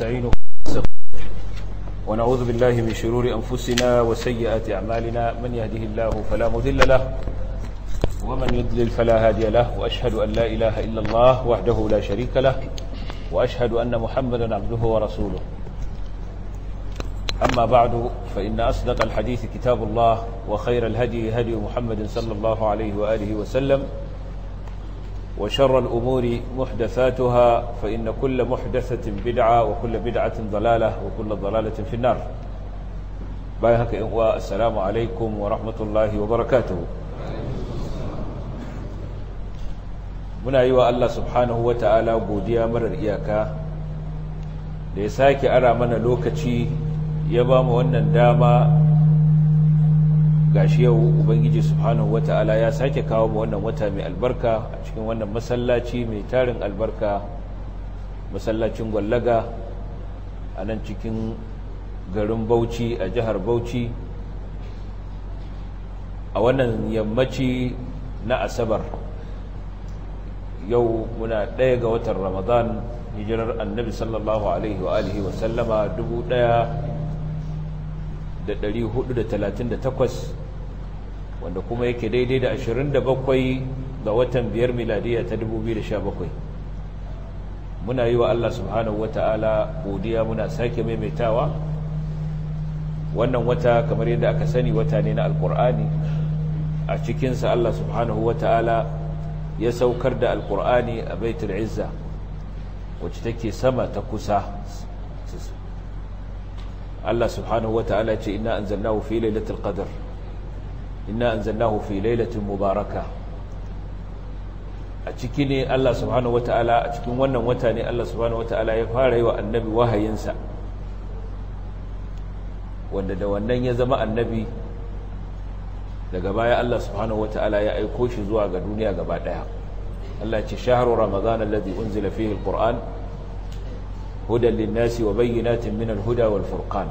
ونستعينه ونعوذ بالله من شرور أنفسنا وسيئات أعمالنا من يهده الله فلا مذل له ومن يدلل فلا هادي له وأشهد أن لا إله إلا الله وحده لا شريك له وأشهد أن محمدا عبده ورسوله أما بعد فإن أصدق الحديث كتاب الله وخير الهدي هدي محمد صلى الله عليه وآله وسلم وشر الأمور محدثاتها فإن كل محدثة بدعة وكل بدعة ضلالة وكل ضلالة في النار بايهك إخوة السلام عليكم ورحمة الله وبركاته من أيوة الله سبحانه وتعالى بوديا مرر إياكا ليساك أرى من لوكتي يبام وأن داما gashi yau ubangiji subhanahu wata'ala ya sake kawo mu wannan wata mai albarka a cikin wannan masallaci mai tarin albarka masallacin gwallaga a nan cikin garin bauchi a jihar bauchi a wannan yammaci na asabar yau muna ɗaya ga watan ramadan hijirar annabi sallallahu alaihi wa alihi wa dubu ɗaya da 438 wanda kuma yake daidai da 27 ga watan biyar miladiya ta 2017 muna yi wa Allah subhanahu wata'ala godiya muna sake maimaitawa wannan wata kamar yadda aka sani wata ne na alkur'ani a cikinsa Allah subhanahu wata'ala ya saukar da alkur'ani a baitul izza wacce take sama ta kusa Allah subhanahu wata'ala ce ina anzalnahu fi lailatul qadr inna anzalnahu fi lailatin mubaraka a ciki ne Allah subhanahu wataala a cikin wannan wata ne Allah subhanahu wataala ya fara yi wa annabi wahayinsa wanda da wannan ya zama annabi daga baya Allah subhanahu wataala ya aiko shi zuwa ga duniya gaba daya Allah ce shahru ramadan alladhi unzila fihi alquran hudan lin-nasi wa bayyinatin min al-huda wal-furqan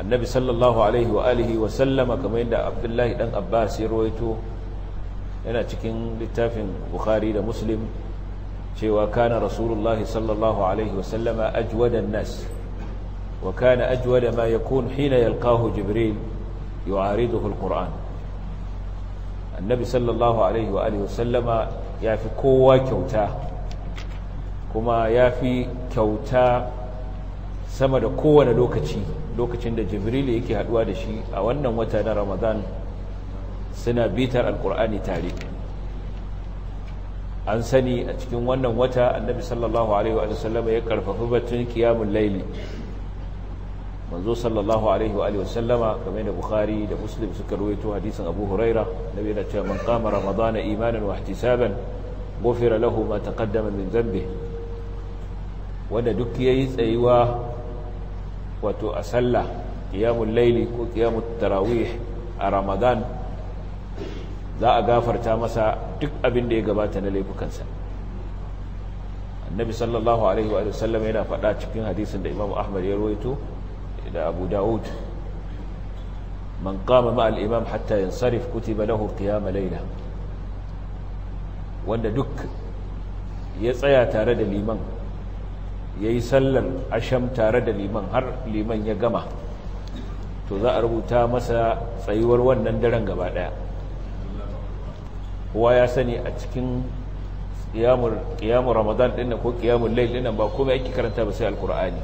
annabi sallallahu alaihi wa alihi wa sallama kamar yadda abdullahi dan abbas ya rawaito yana cikin littafin bukhari da muslim cewa kana rasulullah sallallahu alaihi wa sallama ajwada nas wa kana ajwada ma yakun hina yalqahu jibril Al-Qur'an. annabi sallallahu alaihi wa alihi wa sallama yafi kowa kyauta kuma yafi kyauta sama da kowane lokaci lokacin da jibril yake haduwa da shi a wannan wata na ramadan suna bitar alkur'ani tare an sani a cikin wannan wata annabi sallallahu alaihi wa sallama ya karfafi batun kiyamun laili manzo sallallahu alaihi wa sallama game da bukhari da muslim suka ruwaito hadisin abu huraira nabi yana cewa man qama ramadana imanan wa ihtisaban ghufira lahu ma taqaddama min zambe. wanda duk yayi tsayuwa wato a sallah ƙiyamun laili ko ƙiyamun tarawih a ramadan za a gafarta masa duk abin da ya gabata na laifukansa annabi sallallahu alaihi wa sallam yana faɗa cikin hadisin da imamu ahmad ya rawaito da abu daud man kama ma imam hatta yansarif kutiba lahu qiyam layla wanda duk ya tsaya tare da liman ya yi sallar asham tare da liman har liman ya gama to za a rubuta masa tsayuwar wannan daren gaba daya kowa ya sani a cikin kiyamun ramadan dinnan ko kiyamun lail dinnan ba kuma yake karanta ba sai alkur'ani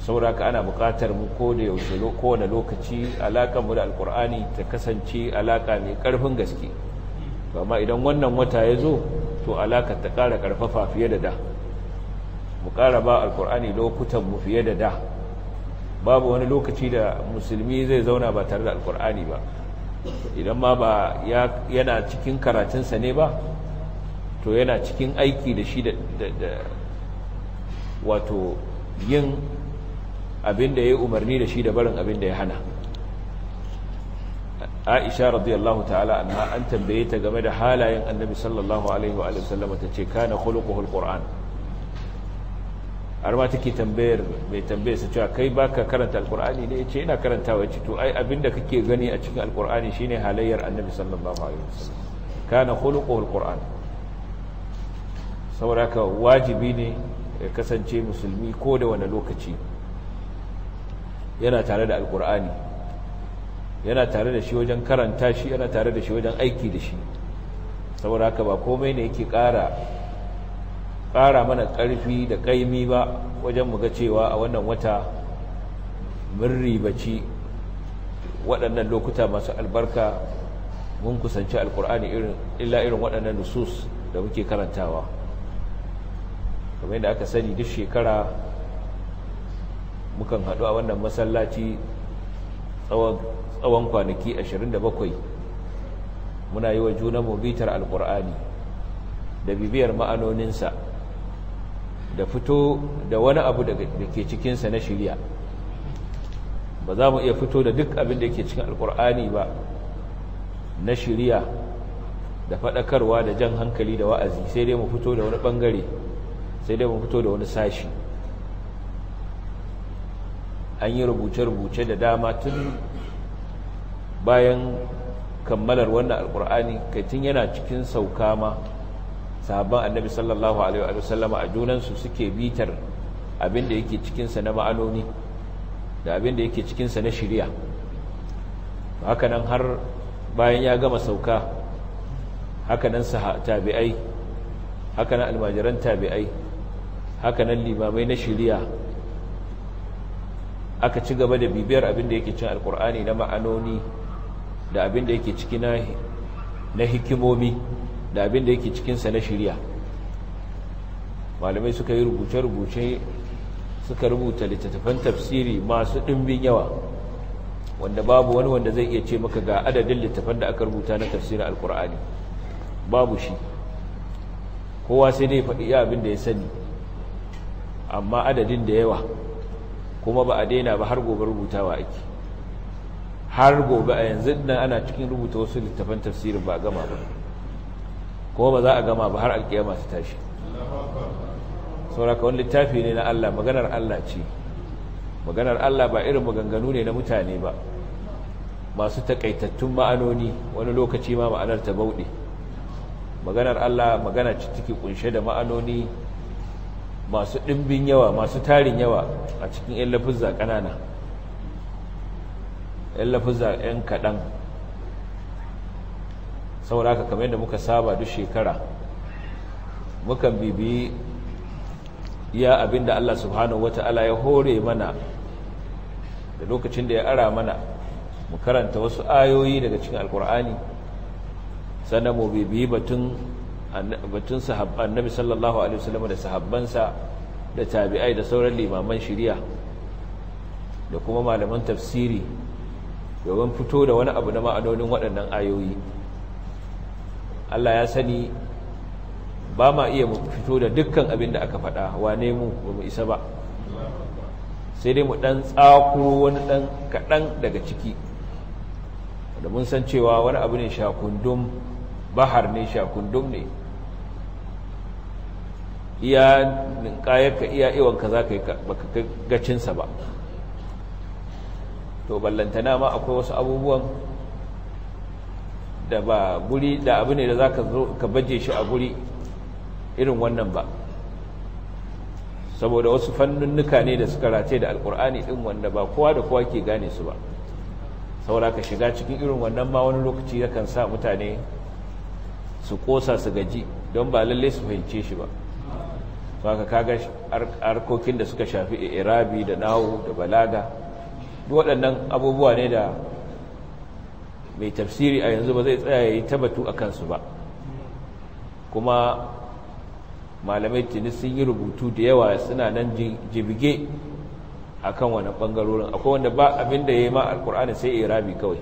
saboda ka ana bukatar mu ko da yaushe kowane lokaci alaƙa mu da alkur'ani ta kasance alaƙa mai ƙarfin gaske amma idan wannan wata ya zo to alaƙa ta ƙara ƙarfafa fiye da da mu ƙara ba alkur'ani lokutan mu fiye da da babu wani lokaci da musulmi zai zauna ba tare da Alƙur'ani ba idan ma ba yana cikin karatunsa ne ba to yana cikin aiki da shi da wato yin abin da ya umarni da shi da barin abin da ya hana aisha radiyallahu ta'ala anha an tambaye ta game da halayen annabi sallallahu alaihi wa sallam ta ce kana khuluquhul qur'an har ma take tambayar mai tambaye su cewa kai baka karanta alkur'ani ne yace ina karantawa yace to ai abinda kake gani a cikin alkur'ani shine halayyar annabi sallallahu alaihi wasallam kana khuluquhu alqur'an saboda wajibi ne ya kasance musulmi ko da wani lokaci yana tare da alkur'ani yana tare da shi wajen karanta shi yana tare da shi wajen aiki da shi saboda ba komai ne yake ƙara ƙara mana ƙarfi da ƙaimi ba wajen muga cewa a wannan wata mun ribaci waɗannan lokuta masu albarka mun kusanci alƙur'ani irin illa irin waɗannan nusus da muke karantawa kamar yadda aka sani duk shekara mukan haɗu a wannan masallaci tsawon kwanaki 27 muna yi wa mu bitar alƙur'ani da bibiyar ma'anoninsa da fito da wani abu da ke cikinsa na shirya ba za mu iya fito da duk abin da ke cikin alkur'ani ba na shirya da faɗakarwa da jan hankali da wa'azi sai dai mu fito da wani ɓangare sai dai mu fito da wani sashi an yi rubuce-rubuce da dama tun bayan kammalar wannan alkur'ani kai tun yana cikin sauka ma sahabban annabi sallallahu alaihi wa sallama a junansu suke bitar abin da yake cikinsa na ma'anoni da abin da yake cikinsa na shirya hakanan har bayan ya gama sauka hakanan tabi'ai hakanan almajiran tabi'ai hakanan limamai na shirya aka ci gaba da bibiyar abin da yake cin alkur'ani na ma'anoni da abin da yake ciki na hikimomi da abin da yake cikinsa na shirya malamai suka yi rubuce-rubuce suka rubuta littattafan tafsiri masu ɗimbin yawa wanda babu wani wanda zai iya ce maka ga adadin littattafan da aka rubuta na tafsirin alkur'ani babu shi kowa sai dai faɗi iya abin da ya sani amma adadin da yawa kuma ba a daina ba har gobe rubutawa ake har gobe a yanzu nan ana cikin rubuta wasu littattafan tafsirin ba gama ba kuma ba za a gama ba har alkiyama masu tashi sauraka wani littafi ne na Allah maganar Allah ce maganar Allah ba irin maganganu ne na mutane ba masu takaitattun ma'anoni wani lokaci ma ma'anar ta bauɗe maganar Allah magana ce take kunshe da ma'anoni masu ɗimbin yawa masu tarin yawa a cikin 'yan lafizza ƙanana 'yan lafizza 'yan kaɗan saboda haka kamar yadda muka saba duk shekara mukan bibiyi iya abinda Allah subhanahu wata'ala ya hore mana da lokacin da ya ara mana mu karanta wasu ayoyi daga cikin alkur'ani sannan mu bibiyi batun batun sahabban sallallahu alaihi wasallam da sahabbansa da tabi'ai da sauran limaman shari'a da kuma malaman tafsiri domin fito da wani abu na ma'anonin waɗannan ayoyi Allah ya sani ba ma iya fito da dukkan abin da aka faɗa ne mu ba mu isa ba sai dai mu ɗan tsakuro wani ɗan kaɗan daga ciki da mun san cewa wani abu ne shakundum bahar ne shakundum ne iya ninkayarka iya iwanka za ka yi baka gacinsa ba to ballantana ma akwai wasu abubuwan da ba guri da abu ne da za ka zo ka baje shi a guri irin wannan ba saboda wasu fannunnuka ne da suka race da alkur'ani din wanda ba kowa da kowa ke gane su ba saboda ka shiga cikin irin wannan ma wani lokaci yakan sa mutane su kosa su gaji don ba lalle su fahimce shi ba ba ka kaga harkokin da suka shafi irabi da nahu da balaga waɗannan abubuwa ne da mai tafsiri a yanzu ba zai tsaya ya yi tabatu a kansu ba kuma malamai tuni sun yi rubutu da yawa suna nan jibige a kan wani ɓangarorin akwai wanda ba abin da ya yi ma alkur'ani sai ya rabi kawai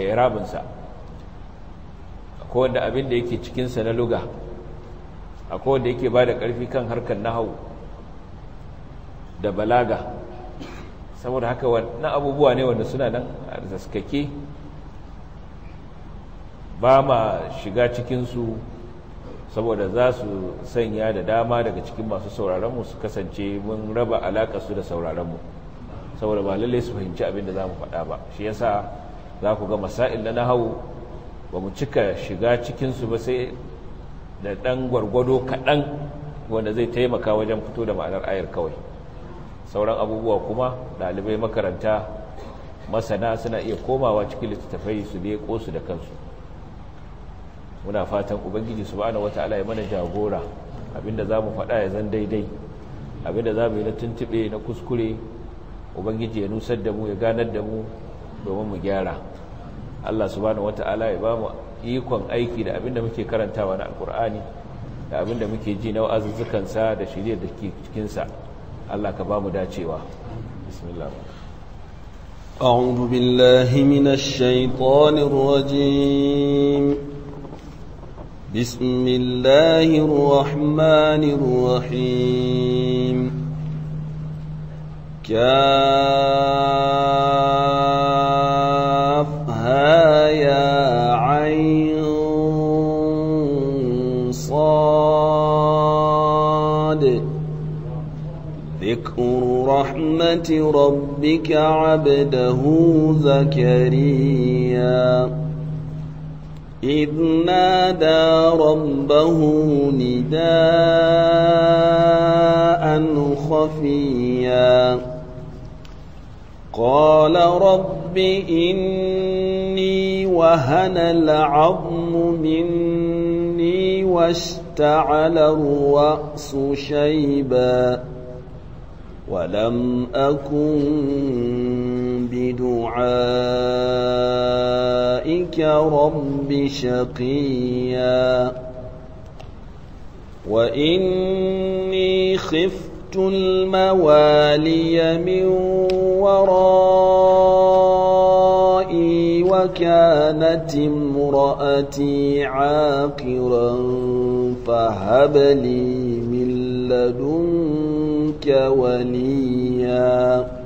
a rabinsa akwai wanda abin da yake cikinsa na luga akwai wanda yake ba da ƙarfi kan harkar nahau da balaga saboda haka wani abubuwa ne wanda suna nan a zaskake ba ma shiga cikinsu saboda za su sanya da dama daga cikin masu sauraronmu su kasance mun raba su da sauraronmu saboda ba lallai su fahimci abin da za mu faɗa ba shi yasa za ku ga masa'il na nahawu ba mu cika shiga cikinsu ba sai da ɗan gwargwado kaɗan wanda zai taimaka wajen fito da ma'anar ayar kawai sauran abubuwa kuma ɗalibai makaranta masana suna iya komawa cikin littattafai su leƙo su da kansu muna fatan ubangiji subhanahu wataala ya mana jagora abinda zamu faɗa ya zan daidai abinda zamu yi na tuntube na kuskure ubangiji ya nusar da mu ya ganar da mu domin mu gyara Allah subhanahu wataala ya bamu ikon aiki da abinda muke karantawa na alkur'ani da abinda muke ji na wa'azuzzukansa da shirya da ke cikinsa Allah ka bamu dacewa bismillah أعوذ بالله من الشيطان بسم الله الرحمن الرحيم كافها يا عين صاد ذكر رحمة ربك عبده زكريا إذ نادى ربه نداء خفيا قال رب إني وهن العظم مني واشتعل الرأس شيبا ولم أكن بدعائك رب شقيا وإني خفت الموالي من ورائي وكانت امرأتي عاقرا فهب لي من لدنك وليا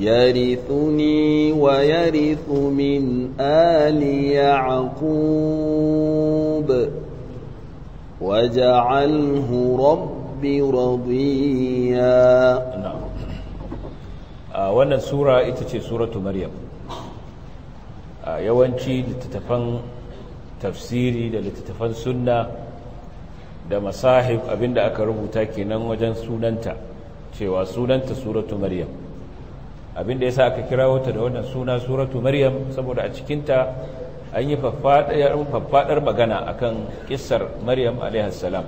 يرثني ويرث من آل يعقوب واجعله رب رضيا wannan sura ita ce suratu maryam yawanci littattafan tafsiri da littattafan sunna da masahib abinda aka rubuta kenan wajen sunanta cewa sunanta suratu maryam abinda ya sa aka kirawo ta da wannan suna suratu maryam saboda a cikinta an yi faffaɗar magana akan kissar maryam alaihassalam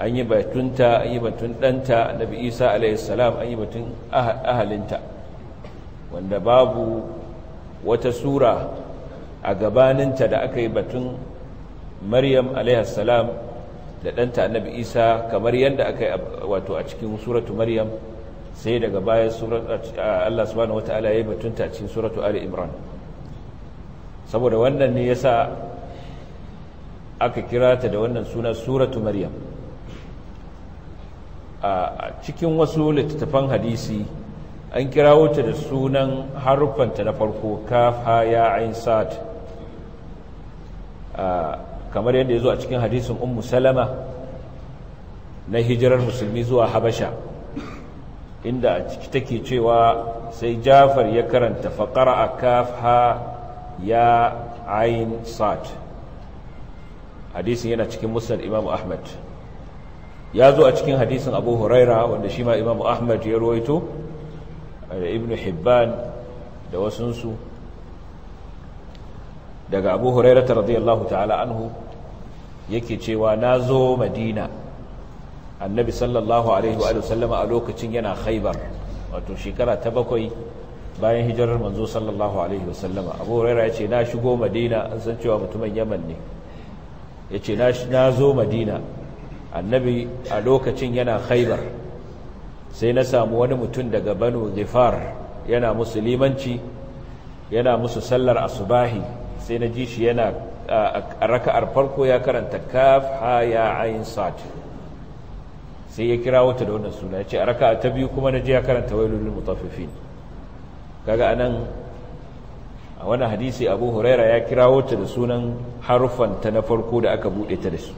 an yi batunta an yi batun ɗanta annabi isa alaihassalam an yi batun ahalinta wanda babu wata sura a gabaninta da aka yi batun maryam alaihassalam da ɗanta annabi isa kamar yadda aka yi wato a cikin suratu maryam sai daga baya Allah subhanahu ala ya yi batunta cikin suratu Ali Imran saboda wannan ne yasa aka kira ta da wannan suna suratu Maryam a cikin wasu littattafan hadisi an kira ta da sunan harufanta na farko kafa ya ain sad kamar yadda ya zo a cikin hadisin ummu salama na hijirar musulmi zuwa habasha inda a ciki take cewa sai jafar ya karanta faƙar a kafa ya ayin sa'ad hadisin yana cikin musnad imamu ahmad ya zo a cikin hadisin abu huraira wanda shi ma imamu ahmad ya ruwaito da ibn hibban da wasunsu daga abu Huraira ta radiyallahu ta'ala anhu yake cewa na zo madina annabi sallallahu alaihi wa sallama a lokacin yana khaibar wato shekara ta bakwai bayan hijirar manzo sallallahu alaihi wa sallama abu raira ya ce na shigo madina an san cewa mutumin yaman ne ya ce na zo madina annabi a lokacin yana khaibar sai na samu wani mutum daga banu zifar yana musulmanci yana musu sallar asubahi sai na ji shi yana a raka'ar farko ya karanta kaf ha ya ayin sati sai ya kira wata da wannan suna ya ce a raka ta biyu kuma na je ya karanta wailulul mutaffifin kaga anan a wani hadisi abu huraira ya kira wata da sunan harufan ta na farko da aka bude ta da su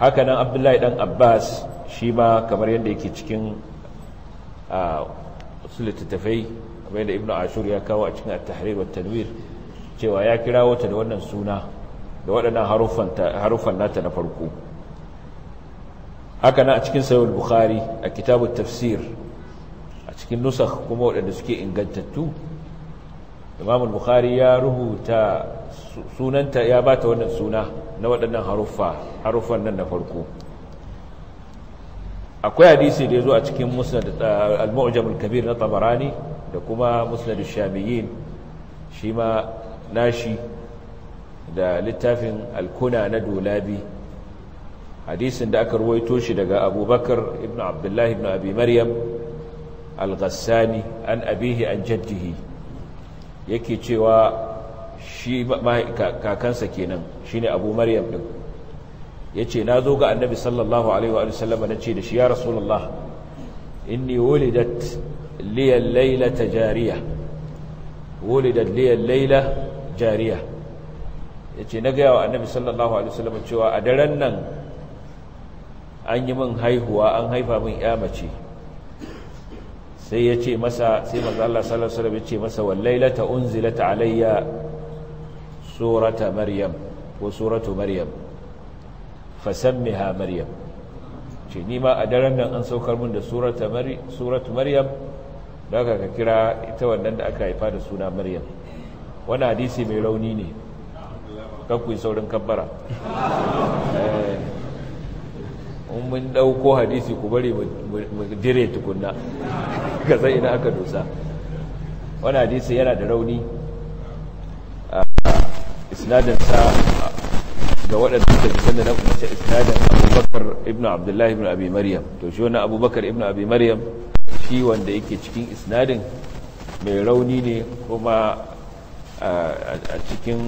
haka nan abdullahi dan abbas shi ma kamar yadda yake cikin a su littattafai kamar yadda ibnu ashur ya kawo a cikin at-tahrir wa tanwir cewa ya kira wata da wannan suna da waɗannan harufan nata na farko haka na a cikin sayar bukhari a kitabun tafsir a cikin nusa kuma waɗanda suke ingantattu imam bukhari ya rubuta sunanta ya bata wannan suna na waɗannan haruffa haruffan nan na farko akwai hadisi da ya zo a cikin musnad al-mu'jam kabir na tabarani da kuma musnad al-shamiyin shi ma nashi da littafin alkuna na dolabi hadisin da aka ruwaito shi daga abubakar ibn abdullahi ibn abi maryam al-ghassani an abihi an jaddihi yake cewa shi kakansa kenan shi ne abu maryam ɗin. Ya ce na zo ga annabi sallallahu alaihi wa na ce da shi ya rasulullah inni wulidat liyan al ta jariya wulidat liyan al-laila jariya ce na gaya wa annabi sallallahu alaihi wa sallam cewa a daren nan an yi min haihuwa an haifa min ya mace sai ya ce masa sai maza Allah sallallahu alaihi wasallam ce masa wallailata unzilat alayya surata maryam ko suratu maryam fasammiha maryam ce ni ma a daren nan an saukar mun da surata maryam suratu maryam daga ka kira ita wannan da aka haifa da suna maryam wani hadisi mai rauni ne kuyi saurin kabbara eh. in mun dauko hadisi ku bari mu dire tukunna ga sai ina aka dosa wani hadisi yana da rauni a sa ga waɗanda suka san da na kuma isnadin abubakar ibn Abdullah ibn abi maryam to shi wani abubakar ibn abi maryam shi wanda yake cikin isnadin mai rauni ne kuma a cikin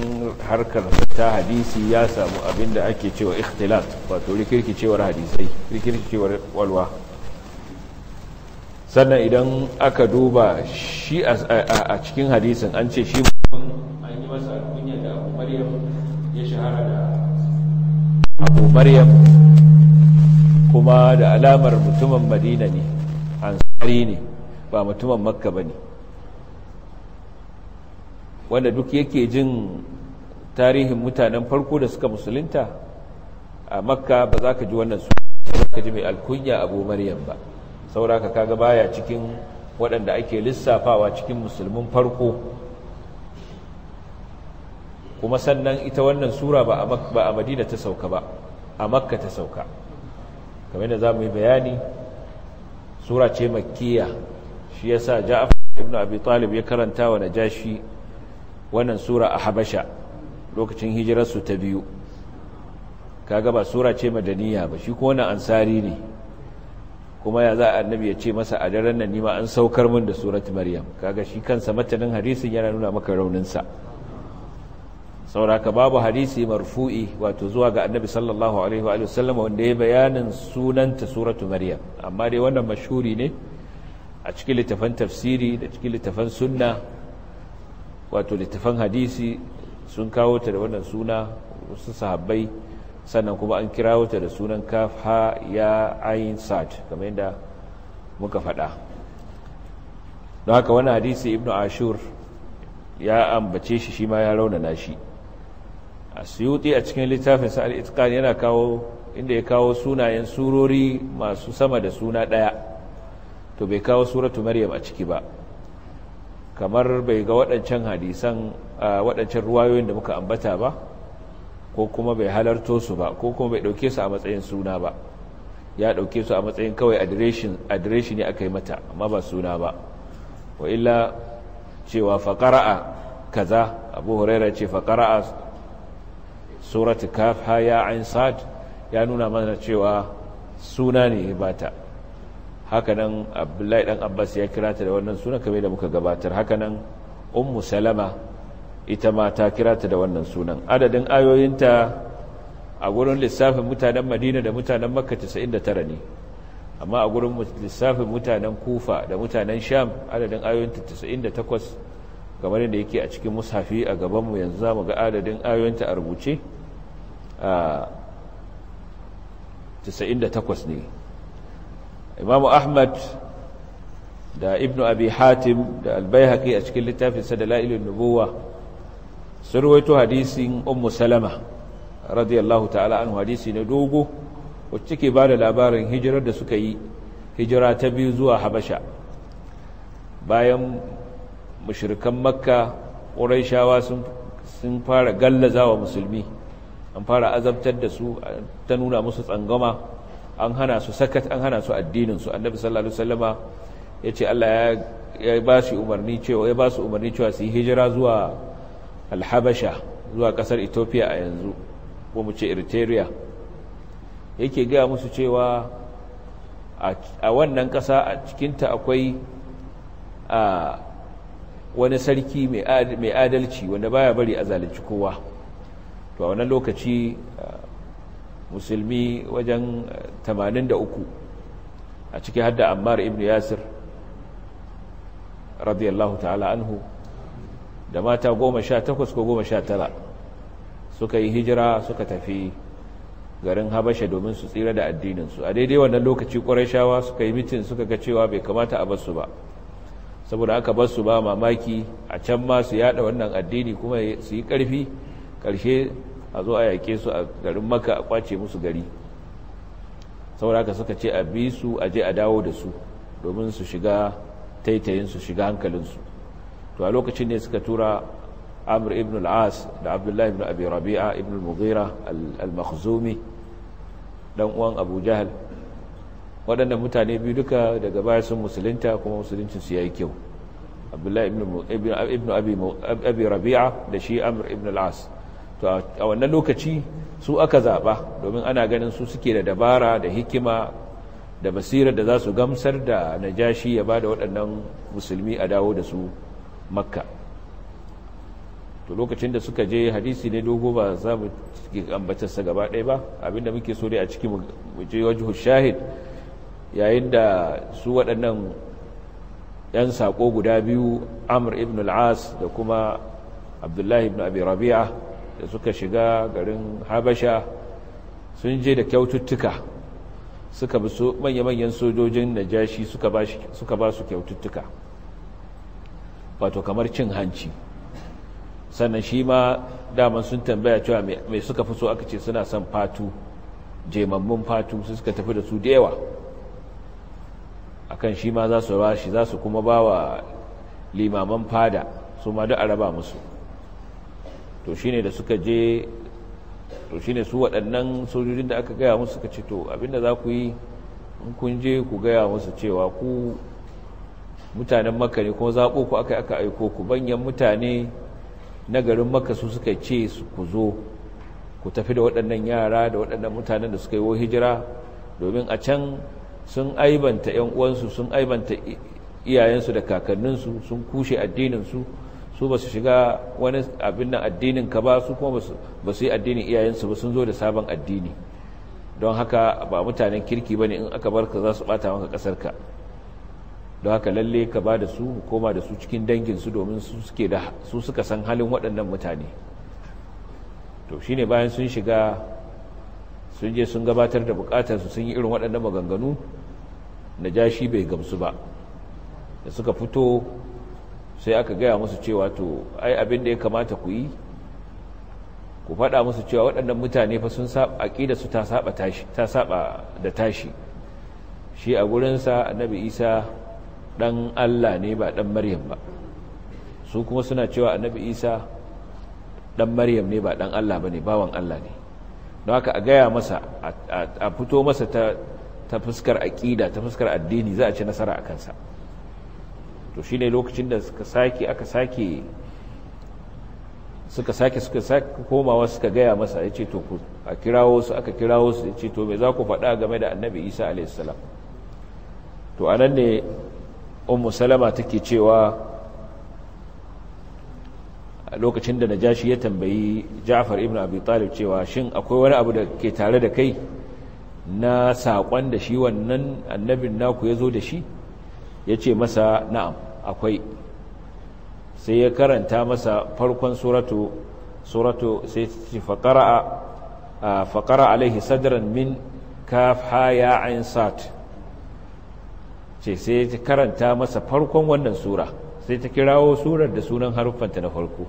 harkar ta hadisi ya samu abin da ake cewa ikhtilat wato rikirkicewar hadisai rikirkicewar walwa sannan idan aka duba shi a cikin hadisin an ce shi an yi masa da abu maryam ya shahara da abu maryam kuma da alamar mutumin madina ne ansari ne ba mutumin makka ba ne wanda duk yake jin tarihin mutanen farko da suka musulunta a makka ba za ka ji wannan su ka ji mai alkunya abu maryam ba sauraka kaga baya cikin waɗanda ake lissafawa cikin musulmin farko kuma sannan ita wannan sura ba a madina ta sauka ba a makka ta sauka kamar da za mu yi bayani sura ce makkiya shi yasa ja'afar ibn abi talib ya karanta wa najashi wannan sura a habasha lokacin hijirarsu ta biyu kaga ba sura ce madaniya ba shi ko ansari ne kuma ya za annabi ya ce masa a daren nan nima an saukar mun da surat maryam kaga shi kansa matanin hadisin yana nuna maka rauninsa sauraka babu hadisi marfu'i wato zuwa ga annabi sallallahu alaihi wa sallam wanda ya bayanin sunanta suratu maryam amma dai wannan mashuri ne a cikin littafan tafsiri da cikin littafan sunna wato littafan hadisi sun kawo ta da wannan suna wasu sahabbai sannan kuma an kira wata da sunan kaf ha ya ayin sat kamar yadda muka faɗa don haka wani hadisi ibn ashur ya ambace shi shi ma ya raunana shi a suyuti a cikin littafin sa'ar itkan yana kawo inda ya kawo sunayen surori masu sama da suna ɗaya to bai kawo suratu maryam a ciki ba kamar bai ga waɗancan hadisan waɗancan ruwayoyin da muka ambata ba ko kuma bai halarto su ba ko kuma bai ɗauke su a matsayin suna ba ya ɗauke su a matsayin kawai adireshi ne aka yi mata amma ba suna ba wa illa cewa faƙara'a kaza abu huraira ce faƙara'a suratu kaf haya ainihin sad ya nuna mana cewa suna ne ya bata hakanan abdullahi dan abbas ya kira ta da wannan sunan kamar da muka gabatar hakanan ummu salama ita ma ta kira ta da wannan sunan adadin ayoyinta a gurin lissafin mutanen madina da mutanen makka 99 ne amma a gurin lissafin mutanen kufa da mutanen sham adadin ayoyinta 98 kamar yadda yake a cikin mushafi a gabanmu yanzu za mu ga adadin ayoyinta a rubuce 98 ne imamu ahmad da ibnu abi hatim da albayhaqi a cikin littafinsa da la'ilin nubuwa sun ruwaito hadisin ummu salama radiyallahu ta'ala an hadisi na dogo wacce ke ba da labarin hijirar da suka yi hijira ta biyu zuwa habasha bayan mashirkan makka ƙuraishawa sun fara gallaza wa musulmi an fara azabtar da su ta nuna musu tsangama an hana su sakat an hana su addinin su annabi sallallahu alaihi wasallama yace Allah ya ba su umarni cewa ya ba su umarni cewa su yi hijira zuwa alhabasha zuwa kasar Ethiopia a yanzu ko mu ce Eritrea yake gaya musu cewa a wannan kasa a cikinta akwai a wani sarki mai adalci wanda baya bari a zalunci kowa to a wannan lokaci musulmi wajen 83 eh, a ciki hadda ammar ibn yasir radiyallahu ta'ala anhu da mata 18 ko 19 suka yi hijira suka tafi garin habasha domin su tsira da addininsu a daidai wannan lokaci ƙwarai suka yi mitin suka ga cewa bai kamata a basu ba saboda aka bar su ba mamaki a can ma su yada wannan addini kuma su yi ƙarfi ƙarshe a zo a yake su a garin maka a kwace musu gari sauraka suka ce a bi su a je a dawo da su domin su shiga taitayin su shiga hankalinsu to a lokacin ne suka tura amr ibn al da abdullahi ibn abi rabi'a ibn al-mughira al-makhzumi dan uwan abu jahal mutane biyu duka daga baya sun musulunta kuma musuluncin su yayi kyau abdullahi ibn abi rabi'a da shi amr ibn al-as to a wannan lokaci su aka zaɓa domin ana ganin su suke da dabara da hikima da basirar da za su gamsar da najashi ya ba da waɗannan musulmi a dawo da su makka to lokacin da suka je hadisi ne dogo ba za mu ambatarsa gaba ɗaya ba abinda muke so dai a ciki mu je wajen shahid yayin da su waɗannan 'yan saƙo guda biyu amur ibn al'as da kuma abdullahi ibn abi rabi'a da suka shiga garin habasha sun je da kyaututtuka suka bi manya-manyan sojojin jashi suka ba su kyaututtuka wato kamar cin hanci sannan shi ma daman sun tambaya cewa mai suka fi so aka ce suna son fatu jemammun fatu su suka tafi da su da yawa akan shi ma za su rashi za su kuma ba wa limaman fada su ma duk araba musu to shine da suka je to shine su waɗannan sojojin da aka gaya musu suka ce to abinda za ku yi in kun je ku gaya musu cewa ku mutanen maka ne kuma zaɓo ku aka aka aiko ku banyan mutane na garin maka su suka ce su ku zo ku tafi da waɗannan yara da waɗannan mutanen da suka yi wo hijira domin a can sun aibanta 'yan uwansu sun aibanta iyayensu da kakanninsu sun kushe addininsu su ba su shiga wani abin nan addinin ka ba su kuma ba su yi addinin iyayensu ba sun zo da sabon addini don haka ba mutanen kirki ba ne in aka bar ka za su bata maka ka don haka lalle ka ba da su koma da su cikin danginsu domin su suka san halin waɗannan mutane to shi ne bayan sun shiga sun je sun gabatar da su sun yi irin waɗannan maganganu na jashi bai gamsu ba da suka fito sai aka gaya musu cewa to ai abin da ya kamata ku yi ku faɗa musu cewa waɗannan mutane fa sun saba aqida su ta saba tashi ta saba da tashi shi a sa annabi isa dan allah ne ba dan maryam ba su kuma suna cewa annabi isa dan maryam ne ba dan allah bane bawan allah ne don haka a gaya masa a fito masa ta fuskar aƙida ta fuskar addini za a ci nasara a sa. to shi ne lokacin da suka sake aka sake suka sake suka komawa suka gaya masa ya ce to ku a kirawo su aka kirawo su ya ce to me za ku faɗa game da annabi isa alaihissalam to a nan ne un musalama take cewa a lokacin da najashi ya tambayi ja'far ibn abi talib cewa shin akwai wani abu da ke tare da kai na saƙon da shi wannan annabin naku ya zo da shi ya ce masa na'am akwai sai ya karanta masa farkon suratu suratu sai ce faƙara alaihi sadran min kaf haya ayin sat ce sai ya karanta masa farkon wannan sura sai ta kirawo surar da sunan haruffanta na farko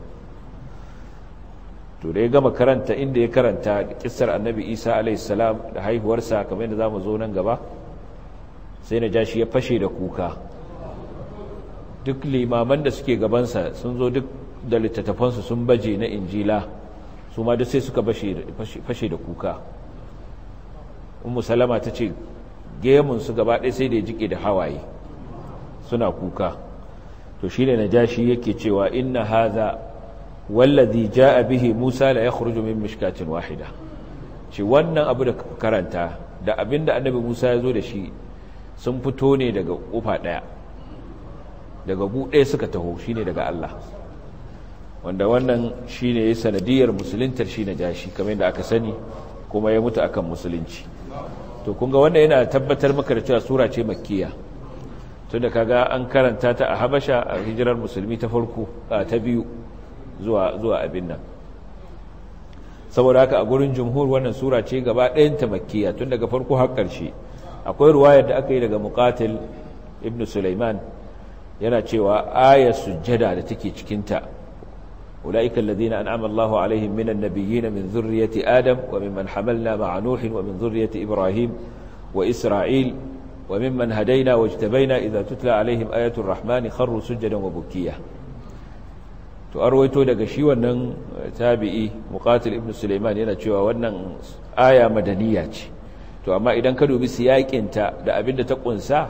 to da ya gama karanta inda ya karanta kisar annabi isa alaihi salam da haihuwarsa kamar yadda za mu zo nan gaba sai na jashi ya fashe da kuka duk limaman da suke gabansa sun zo duk da littattafansu sun baje na injila su ma duk sai suka fashe da kuka in salama ta ce gemunsu gaba ɗaya sai da ya jike da hawaye suna kuka to shi ne na jashi yake cewa inna haza wallazi ja'a bihi musa la yakhruju min mishkatin wahida ce wannan abu da karanta da abinda annabi musa ya zo da shi sun fito ne daga kofa ɗaya. daga buɗe suka taho shi ne daga Allah wanda wannan shine ya sanadiyar musuluntar shi na jashi kamar da aka sani kuma ya mutu akan musulunci to kunga wannan yana tabbatar maka da cewa sura ce makkiya tunda kaga an karanta ta a habasha a hijirar musulmi ta farko ta biyu zuwa abin nan saboda haka a gurin jumhur wannan sura ce gaba ɗayan ta makkiya tun daga farko har ƙarshe akwai ruwayar da aka yi daga mukatil ibn sulaiman yana cewa aya sujjada da take cikinta ulaika alladhina an'ama Allahu alaihim minan nabiyyin min zurriyyati adam wa mimman hamalna ma'a nuh wa min zurriyyati ibrahim wa isra'il wa mimman hadayna wajtabaina idza tutla alaihim ayatu arrahmani kharru sujjadan wa bukiya to arwaito daga shi wannan eh, tabi'i muqatil ibn sulaiman yana cewa wannan aya madaniya ce to amma idan ka dubi siyaƙinta da abin da ta ƙunsa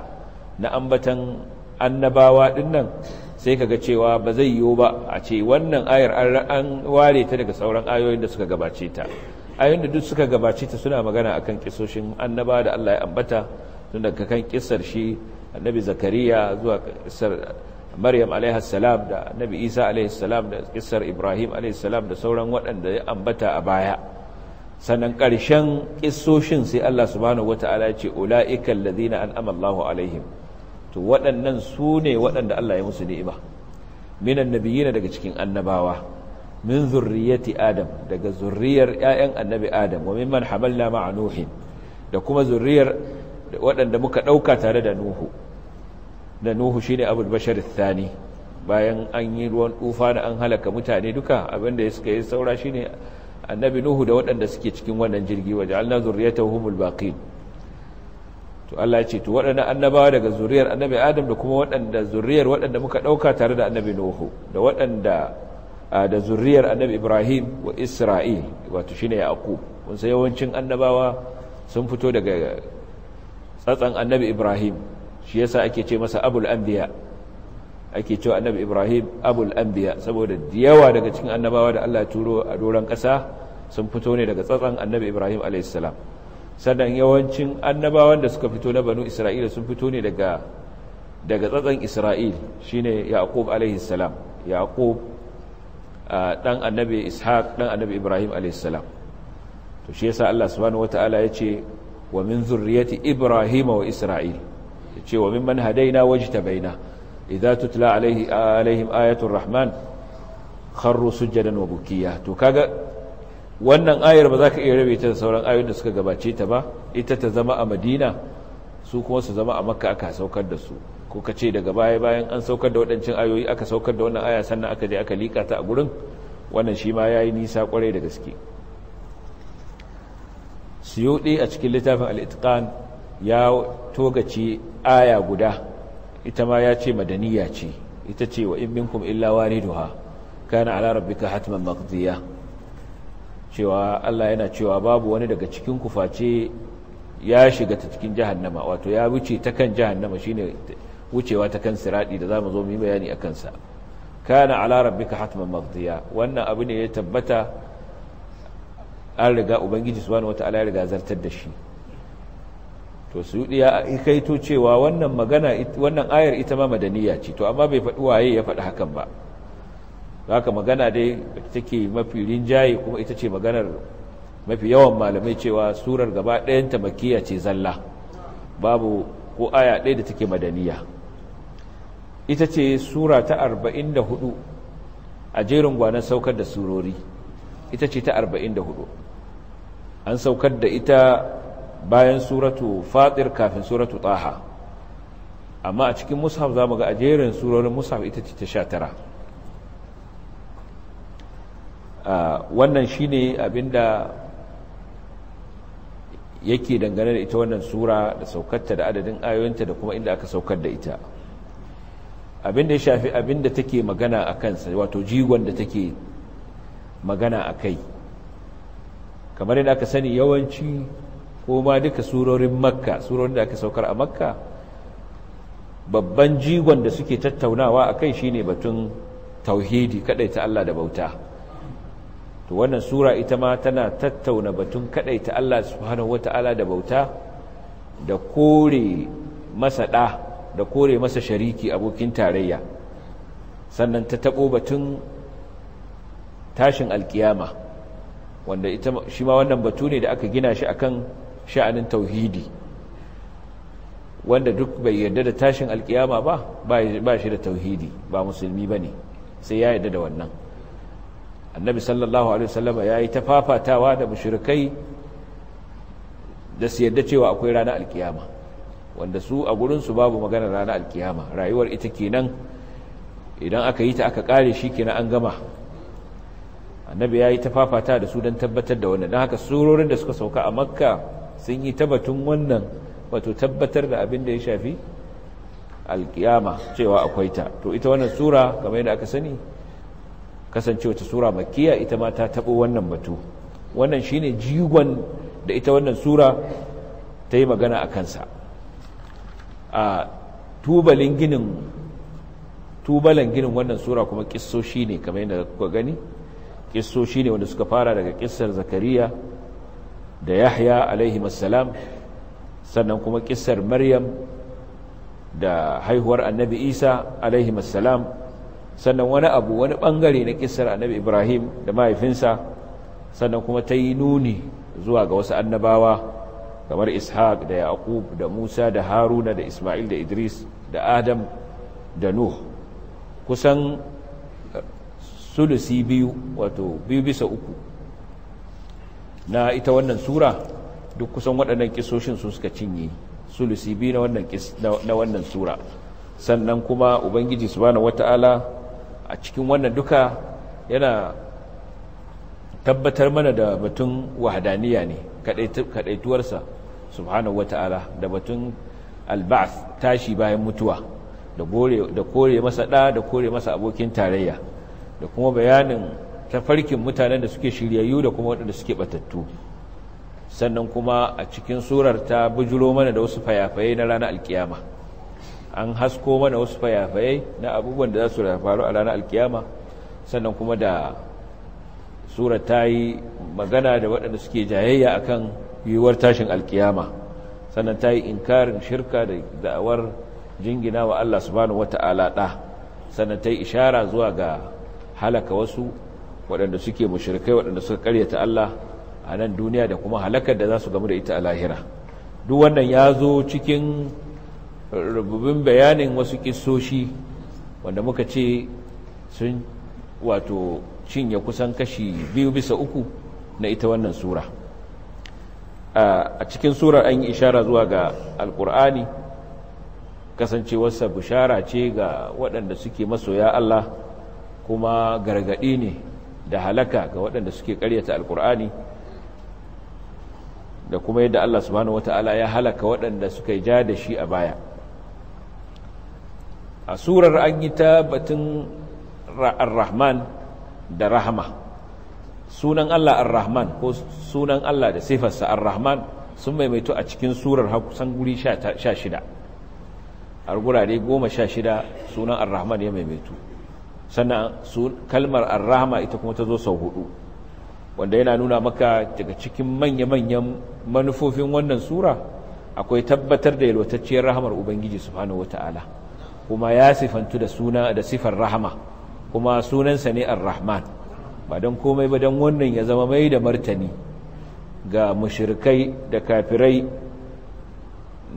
na ambatan annabawa dinnan sai ka ga cewa ba zai yiwu ba a ce wannan ayar an ware ta daga sauran ayoyin da suka gabace ta ayoyin da duk suka gabace ta suna magana akan kisoshin annaba da Allah ya ambata tun daga kan kissar shi annabi zakariya zuwa kissar maryam alaiha da annabi isa alaihi da kissar ibrahim alaihi da sauran waɗanda ya ambata a baya sannan ƙarshen ƙisoshin sai Allah subhanahu Ta'ala ce ula'ikan ladina an amallahu alaihim to waɗannan su ne waɗanda Allah ya musu ni'ima minan nabiyina daga cikin annabawa min zurriyati adam daga zurriyar ƴaƴan annabi adam wa mimman ma a nuhin da kuma zurriyar waɗanda muka ɗauka tare da nuhu da nuhu shine abul bashar thani bayan an yi ruwan tufa da an halaka mutane duka abinda suka yi saura shine annabi nuhu da waɗanda suke cikin wannan jirgi waje allah zurriyata humul baqin to allah ce to waɗannan annabawa daga zuriyar annabi adam da kuma waɗanda zuriyar waɗanda muka ɗauka tare da annabi nuhu da waɗanda da zuriyar annabi ibrahim wa isra'il wato shine yaqub mun sai yawancin annabawa sun fito daga tsatsan annabi ibrahim shi yasa ake ce masa abul anbiya ake cewa annabi ibrahim abul anbiya saboda yawa daga cikin annabawa da allah turo a doron ƙasa sun fito ne daga tsatsan annabi ibrahim alaihissalam sannan yawancin annabawan da suka fito na banu isra'ila sun fito ne daga daga tsatsan isra'il ne yaqub alaihissalam yaqub ɗan annabi ishaq ɗan annabi ibrahim alaihissalam to shi yasa allah subhanahu wataala yace wa min zurriyyati ibrahim wa isra'il yace wa mimman hadaina wajtabaina idza tutla alaihi alaihim ayatul rahman kharru sujjadan wa bukiya to kaga wannan ayar ba za ka iya rabe ta da sauran ayoyin da suka gabace ta ba ita ta zama a madina su kuma su zama a makka aka saukar da su ko ka ce daga baya bayan an saukar da waɗancan ayoyi aka saukar da wannan aya sannan aka je aka liƙa ta a gurin wannan shi ma ya yi nisa kwarai da gaske siyuɗi a cikin littafin al'itikan ya togaci aya guda ita ma ya ce madaniya ce ita ce wa in minkum illa wariduha duha ala rabbika hatman maqdiya cewa Allah yana cewa babu wani daga cikin kuface ya shiga ta cikin jahannama wato ya wuce ta kan jahannama shine wucewa ta kan siradi da zamu zo mu yi bayani a kansa kana ala hatman maqdiya wannan abu ne ya tabbata an riga ubangiji wata wataala ya riga zartar da shi to suyudi ya kaito cewa wannan magana wannan ayar ita ma madaniya ce to amma bai faɗi waye ya faɗi hakan ba haka magana dai take mafi rinjaye kuma ita ce maganar mafi yawan malamai cewa surar gaba ɗayanta makiya ce zalla babu ko aya ɗaya da take madaniya ita ce sura ta 44 a jerin gwanon saukar da surori ita ce ta 44 an saukar da ita bayan suratu fatir kafin suratu taha amma a cikin mushaf za mu ga a jerin surorin mushaf ita ce ta sha tara wannan shi ne abinda yake dangane da ita wannan sura da saukarta da adadin ayoyinta da kuma inda aka saukar da ita abinda ya shafi abinda take magana a kansa wato jigon da take magana a kai kamar yadda aka sani yawanci ko ma duka surorin makka surorin da aka saukar a makka babban jigon da suke tattaunawa a kai shine batun tauhidi ta Allah da bauta to wannan sura ita ma tana tattauna batun ta Allah subhanahu wataala da bauta da kore masa da da kore masa shariki abokin tarayya sannan ta tabo batun tashin alkiyama wanda ita shi ma wannan batu ne da aka gina shi akan sha'anin tauhidi wanda duk bai yarda da tashin alkiyama ba ba shi da tauhidi ba musulmi ba ne sai ya yarda da wannan annabi sallallahu alaihi wasallama ya yi ta fafatawa da mushrikai da su yarda cewa akwai ranar alkiyama wanda su a gurinsu babu magana ranar alkiyama rayuwar ita kenan idan aka yi ta aka kare shi kenan an gama annabi ya yi ta fafata da su don tabbatar da wannan don haka surorin da suka sauka a makka sun yi tabbatun wannan wato tabbatar da abin da ya shafi alkiyama cewa akwai ta to ita wannan sura kamar yadda aka sani kasancewa ta sura Makiya ita ma ta tabo wannan batu wannan shine jigon da ita wannan sura ta yi magana a kansa a tubalin ginin tubalan ginin wannan sura kuma kissoshi ne kamar yadda kuka gani kissoshi ne wanda suka fara daga kissar zakariya da yahya alaihimassalam sannan kuma kisar maryam da haihuwar annabi isa alaihimassalam sannan wani abu wani bangare na kisar annabi ibrahim da mahaifinsa sannan kuma ta yi nuni zuwa ga wasu annabawa kamar ishaq da yaqub da musa da haruna da isma'il da idris da adam da nuh kusan sulusi biyu wato biyu bisa uku na ita wannan sura duk kusan waɗannan kisoshin su suka cinye sulusi bi na wannan na wannan sura sannan kuma ubangiji subhanahu wata'ala a cikin wannan duka yana tabbatar mana da batun wahdaniya ne kadaituwarsa subhanahu wata'ala da batun alba'th tashi bayan mutuwa da kore masa ɗa da kore masa abokin tarayya da kuma bayanin tafarkin mutanen da suke shiryayyu da kuma waɗanda suke batattu sannan kuma a cikin surar ta bujuro mana da wasu fayafaye na ranar alkiyama an hasko mana wasu fayafaye na abubuwan da za su faru a ranar alkiyama sannan kuma da surar ta yi magana da waɗanda suke jayayya a kan yiwuwar tashin alkiyama sannan ta yi inkarin shirka da da'awar jingina wa Allah subhanahu wata'ala ɗa sannan ta yi ishara zuwa ga halaka wasu waɗanda suke mushirikai waɗanda suka karyata Allah a nan duniya da kuma halakar da za su gamu da ita a lahira duk wannan ya zo cikin rububin bayanin wasu ƙisoshi wanda muka ce sun wato cinye kusan kashi biyu bisa uku na ita wannan sura a cikin sura an yi ishara zuwa ga alkur'ani kasancewarsa bishara ce ga waɗanda suke masoya Allah kuma gargaɗi ne da halaka ga waɗanda suke ƙaryata Alƙur'ani da kuma yadda Allah subhanahu wata'ala ya halaka waɗanda suka ja da shi a baya a surar an yi ta batun ar-rahman da rahama sunan Allah ar-rahman ko sunan Allah da sifarsa ar-rahman sun maimaito a cikin surar hakusan guri sha shida a gurare goma sha shida sunan ar-rahman ya maimaito sannan kalmar arrahama ita kuma ta zo sau hudu wanda yana nuna maka daga cikin manya-manyan manufofin wannan sura akwai tabbatar da yalwatacciyar rahamar ubangiji subhanahu wata'ala kuma ya sifantu da suna da sifar rahama kuma sunansa ne ar-rahman ba don komai ba don wannan ya zama mai da martani ga mushirikai da kafirai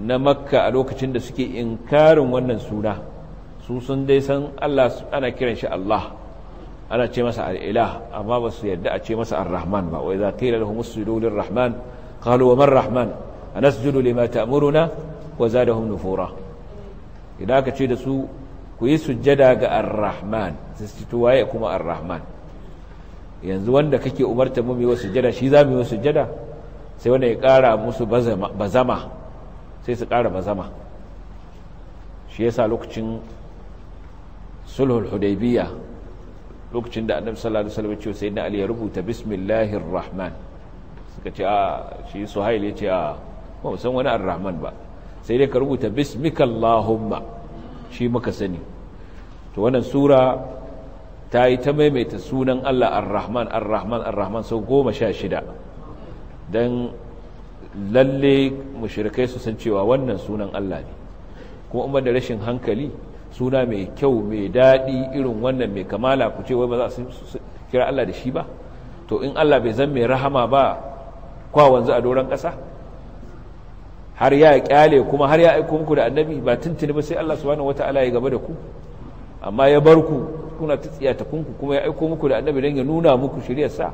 na makka a lokacin da suke inkarin wannan suna su sun dai san Allah ana kiran shi Allah ana ce masa al'ilah amma ba su yadda a ce masa ar-rahman ba wai za ka yi lalhumus su rahman kalu wa man rahman a nasjudu lima muruna wa za da hun nufura idan aka ce da su ku yi sujjada ga ar-rahman su kuma ar-rahman yanzu wanda kake umarta mu yi sujjada shi za mu yi wa sujjada sai wanda ya kara musu bazama sai su kara bazama shi yasa lokacin sulhul hudaybiya lokacin da annabi sallallahu alaihi wasallam ce sayyidina ali ya rubuta bismillahir rahman suka ce a ah, shi suhail ya ce a ah, ba san wani ar-rahman ba sai dai ka rubuta bismikallahumma shi muka sani to wannan sura ta yi ta maimaita sunan Allah ar-rahman ar-rahman ar-rahman sau goma sha shida don lalle mushrikai su san cewa wannan sunan Allah ne kuma umar da rashin hankali suna mai kyau mai daɗi irin wannan mai kamala ku ce wai ba za su kira Allah da shi ba to in Allah bai zan mai rahama ba kwa wanzu a doron ƙasa har ya kyale kuma har ya aiko muku da annabi ba tuntuni ba sai Allah subhanahu wataala ya gaba da ku amma ya bar ku kuna ta tsiya ta kunku kuma ya aiko muku da annabi dan ya nuna muku shirya sa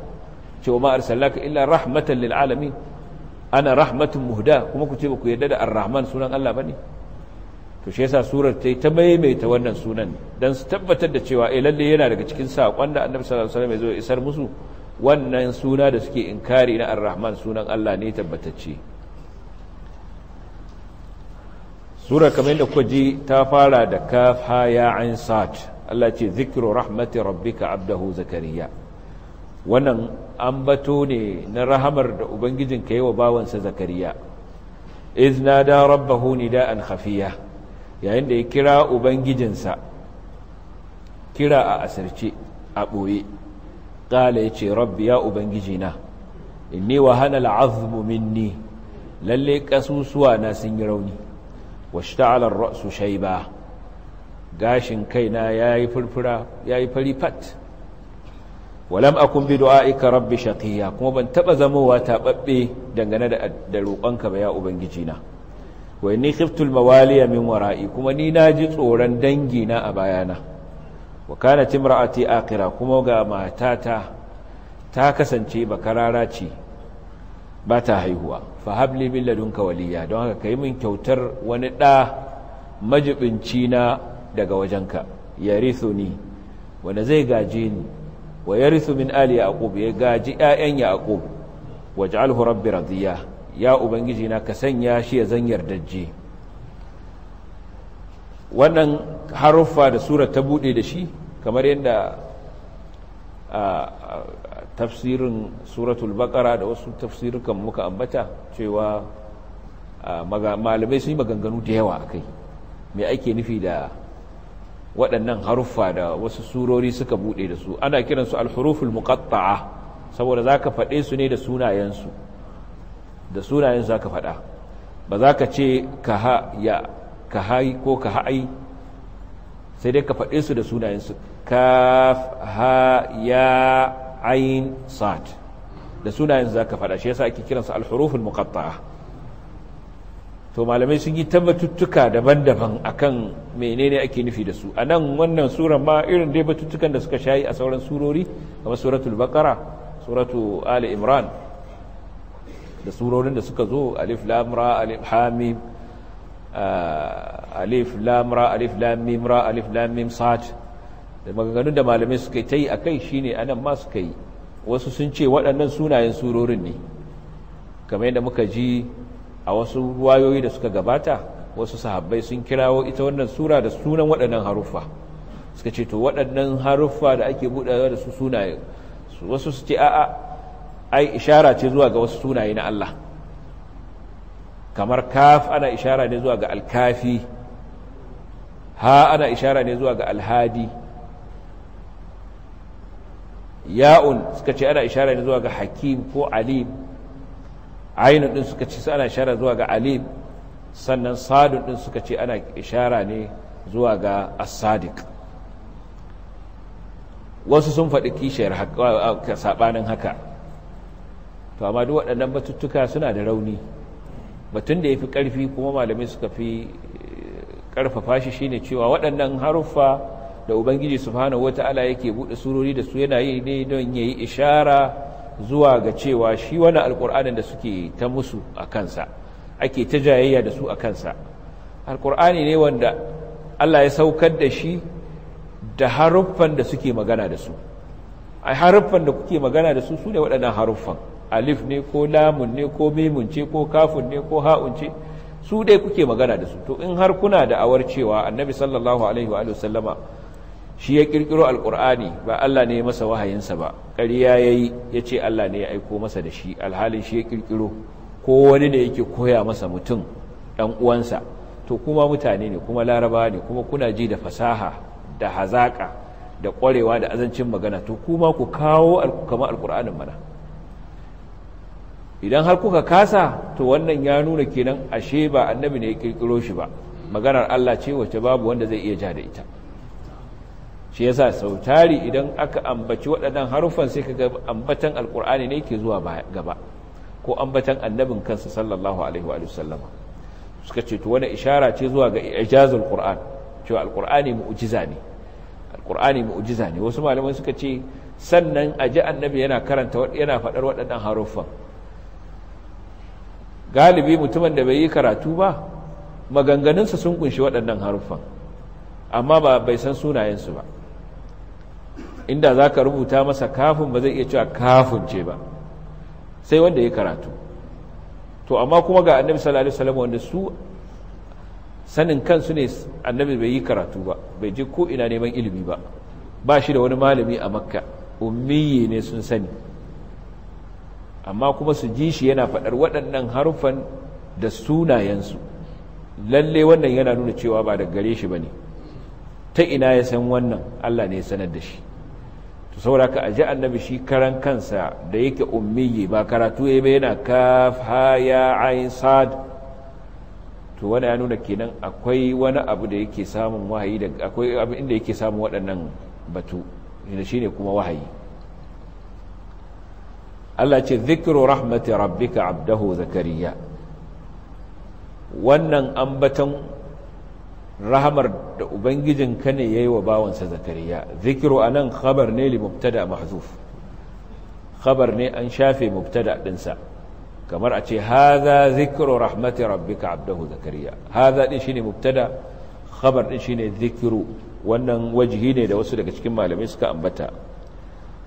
cewa ma arsalaka illa rahmatan lil alamin ana rahmatun muhda kuma ku ce ba ku yarda da arrahman sunan Allah bane to shi yasa surar ta yi ta maimaita wannan sunan don su tabbatar da cewa eh lalle yana daga cikin saƙon da annabi sallallahu alaihi wasallam ya isar musu wannan suna da suke inkari na ar-rahman sunan Allah ne tabbatacce sura kamar da kuka ta fara da kaf ha ya ain Allah ce zikru rahmati rabbika abdahu zakariya wannan ambato ne na rahamar da ubangijin yi wa bawansa zakariya iz rabbahu nida'an khafiya yayin da ya kira ubangijinsa kira a asirce a ɓoye ƙala ya ce rabbi ya ubangijina inni wahana al'azmu minni lalle ƙasusuwa na sun yi rauni washe ta'alar ra'su shai ba gashin kaina ya yi furfura ya yi fari fat walam akun bi du'a'ika rabbi shaqiya kuma ban taba zamowa taɓaɓɓe dangane da roƙonka ba ya ubangijina Wai ni khiftu mawaliya min wara'i kuma ni naji tsoron dangi na a bayana wa kanat imra'ati aqira kuma ga matata ta kasance bakarara ce ba ta haihuwa fa habli min ladunka waliya don haka kai min kyautar wani da majibinci na daga wajenka yarithuni wanda zai gaje ni wa yarithu min ali yaqub ya gaji ƴaƴan yaqub waj'alhu rabbi radiya ya ubangiji na ka sanya shi ya zan yardajje wannan haruffa da sura ta bude da shi kamar yadda tafsirin suratul baqara da wasu tafsirukan muka ambata cewa malamai sun yi maganganu da yawa kai me ake nufi da waɗannan haruffa da wasu surori suka bude da su ana kiransu alhuruful muqatta'a saboda zaka faɗe su ne da sunayensu da sunayen za ka faɗa ba za ka ce ka ha ya ka hai ko ka ha'ai sai dai ka faɗe su da sunayensu kaf ha ya ain sad da sunayen za ka faɗa shi yasa ake kiransa alhurufin muqatta'a to malamai sun yi tabbatuttuka daban-daban akan menene ake nufi da su a nan wannan suran ma irin dai batuttukan da suka shayi a sauran surori kamar suratul baqara suratu ali imran da surorin da suka zo alif lam alif hamim alif lam alif lam alif lamim mim da maganganun da malamai suka yi ta yi akai shine anan ma suka yi wasu sun ce waɗannan sunayen surorin ne kamar yadda muka ji a wasu wayoyi da suka gabata wasu sahabbai sun kirawo ita wannan sura da sunan waɗannan haruffa suka ce to waɗannan haruffa da ake buɗewa da su sunayen wasu su ce a'a ai ishara ce zuwa ga wasu sunaye na Allah kamar kaf ana ishara ne zuwa ga alkafi ha ana ishara ne zuwa ga alhadi ya'un suka ce ana ishara ne zuwa ga hakim ko alim ainu din suka ce ana ishara zuwa ga alim sannan sadun din suka ce ana ishara ne zuwa ga as-sadiq wasu sun faɗi kishiyar saɓanin haka to amma duk waɗannan batuttuka suna da rauni batun da ya fi ƙarfi kuma malamai suka fi eh, ƙarfafa shi shine cewa waɗannan haruffa da ubangiji subhanahu ta'ala yake buɗe surori da su yana yi ne don ya yi ishara zuwa ga cewa shi wani alƙur'anin da suke ta musu a kansa ake ta jayayya da su a kansa alƙur'ani ne wanda allah ya saukar da shi da haruffan da suke magana da su a haruffan da kuke magana da su su ne waɗannan haruffan alif ne ko lamun ne ko mimun ce ko kafun ne ko ha'un ce su dai kuke magana da su to in har kuna da awar cewa annabi sallallahu alaihi wa sallama shi ya kirkiro alkur'ani ba Allah ne ya masa wahayinsa ba ƙarya yayi yace Allah ne ya aiko masa da shi alhalin shi ya kirkiro ko wani ne yake koya masa mutum dan uwansa to kuma mutane ne kuma laraba ne kuma kuna ji da fasaha da hazaka da ƙwarewa da azancin magana to kuma ku kawo kamar alkur'anin mana idan har kuka kasa to wannan ya nuna kenan ashe ba annabi ne ya kirkiro shi ba maganar Allah ce wacce babu wanda zai iya ja da ita shi yasa sau tari idan aka ambaci waɗannan haruffan sai ka ambatan alkur'ani ne ke zuwa gaba ko ambatan annabin kansa sallallahu alaihi wa sallama suka ce to wani ishara ce zuwa ga ijazul qur'an cewa alkur'ani mu'jiza ne alkur'ani mu'jiza ne wasu malamai suka ce sannan aji annabi yana karanta yana faɗar waɗannan haruffan galibi mutumin da bai yi karatu ba maganganunsa sun kunshi waɗannan haruffan amma ba bai san sunayensu ba inda za ka rubuta masa kafin ba zai iya cewa kafin ce ba sai wanda ya karatu to amma kuma ga annabi sallallahu alaihi wasallam wanda su sanin kansu ne annabi bai yi karatu ba bai je ko ina neman ilimi ba ba shi da wani malami a makka ummiye ne sun sani amma kuma su ji shi yana faɗar waɗannan harufan da sunayensu lalle wannan yana nuna cewa ba da gare shi ba ne ta ina ya san wannan Allah ne ya sanar da shi to saboda ka ji annabi shi karan kansa da yake ummiyi ba karatu ya yana kaf ha ya ayin sad to wani ya nuna kenan akwai wani abu da yake samun wahayi da akwai abin da yake samun waɗannan batu shi ne kuma wahayi Allah ce zikiru rahmati rabbika abdahu zakariya wannan ambaton rahamar da ubangijin ka ne yayi wa bawansa zakariya zikiru anan khabar ne li mubtada mahzuf khabar ne an shafe mubtada sa kamar a ce hadha zikiru rahmati rabbika abdahu zakariya hadha din shine mubtada khabar din shine zikiru wannan wajihi ne da wasu daga cikin malamai suka ambata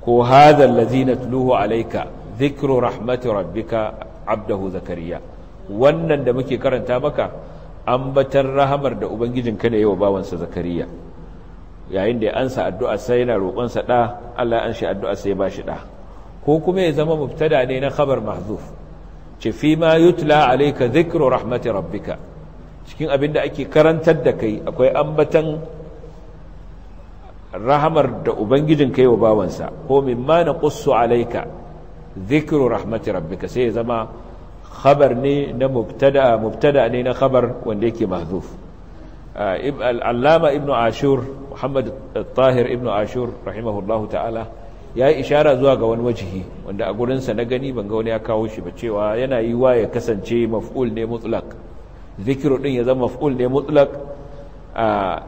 ko hadha allazi natluhu alayka dhikru rahmati rabbika abdahu zakariya wannan da muke karanta maka ambatar rahamar da ubangijinka da yawa bawansa zakariya yayin da ya ansa addu'a sai yana roƙon sa da Allah an shi addu'a sai ba shi da ko kuma ya zama mubtada ne na khabar mahzuf ce fi ma yutla alayka dhikru rahmati rabbika cikin abin da ake karantar da kai akwai ambatan rahamar da ubangijinka yawa bawansa ko mimma naqussu alayka Zikiru rahmati rabbika sai ya zama khabar ne na mubtada ne na khabar wanda yake mahdhuf Alama uh, Ibn ibnu ashur muhammad tahir ibnu ashur rahimahullahu ta'ala ya yi ishara zuwa ga wani wajihi wanda a gurinsa na gani ban ga wani ya kawo shi ba cewa yana yi wa ya kasance maf'ul ne mutlak. zikiru din ya zama maf'ul ne mutlak, uh,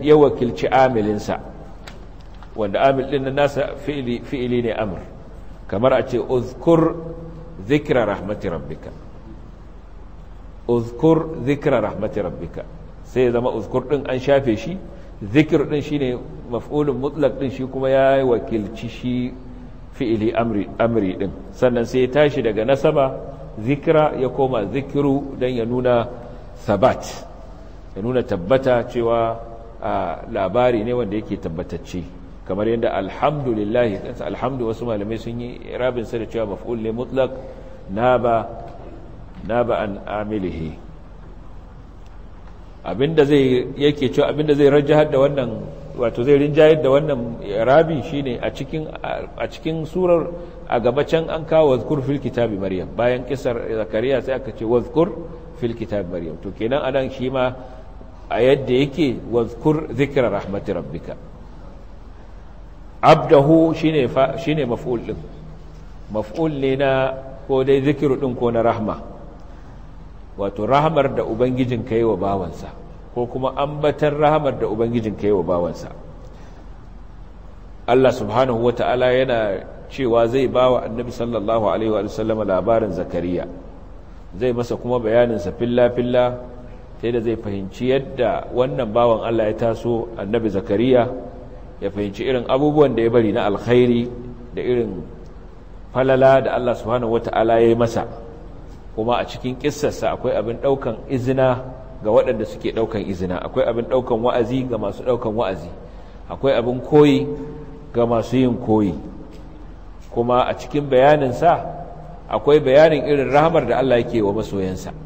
ya wakilci amilinsa wanda amil din nasa fi'ili ne amr kamar a ce uzkur zikra rahmati rabbika uzkur zikra rahmati rabbika sai ya zama uzkur din an shafe shi zikir din shine maf'ulun mutlak din shi kuma ya wakilci shi fi'ili amri ɗin din sannan sai ya tashi daga nasaba zikira ya koma zikiru dan ya nuna sabat ya nuna tabbata cewa labari ne wanda yake tabbatacce kamar yadda alhamdulillah alhamdu wasu malamai sun yi rabin sa da cewa maf'ul ne mutlak naba naba an amilihi abinda zai yake cewa abinda zai rajahar da wannan wato zai rinjayar da wannan rabin shine a cikin a cikin surar a gabacin an kawo wazkur fil kitabi maryam bayan kisar zakariya sai aka ce wazkur fil kitabi maryam to kenan anan shi ma a yadda yake wazkur zikra rahmati rabbika abdahu shine shine maf'ul din maf'ul ne na ko dai zikiru din ko na rahma wato rahmar da ubangijin yi wa bawansa ko kuma ambatar rahmar da ubangijin yi wa bawansa Allah subhanahu ta'ala yana cewa zai bawa annabi sallallahu alaihi Wasallama labarin zakariya zai masa kuma bayanin sa filla filla sai da zai fahimci yadda wannan bawan Allah ya taso annabi zakariya ya fahimci irin abubuwan da ya bari na alkhairi da irin falala da Allah subhanahu wata'ala ya yi masa kuma a cikin kissarsa akwai abin daukan izina ga waɗanda suke daukan izina akwai abin daukan wa'azi ga masu daukan wa'azi akwai abin koyi ga masu yin koyi kuma a cikin bayaninsa akwai bayanin irin rahamar da Allah yake wa masoyansa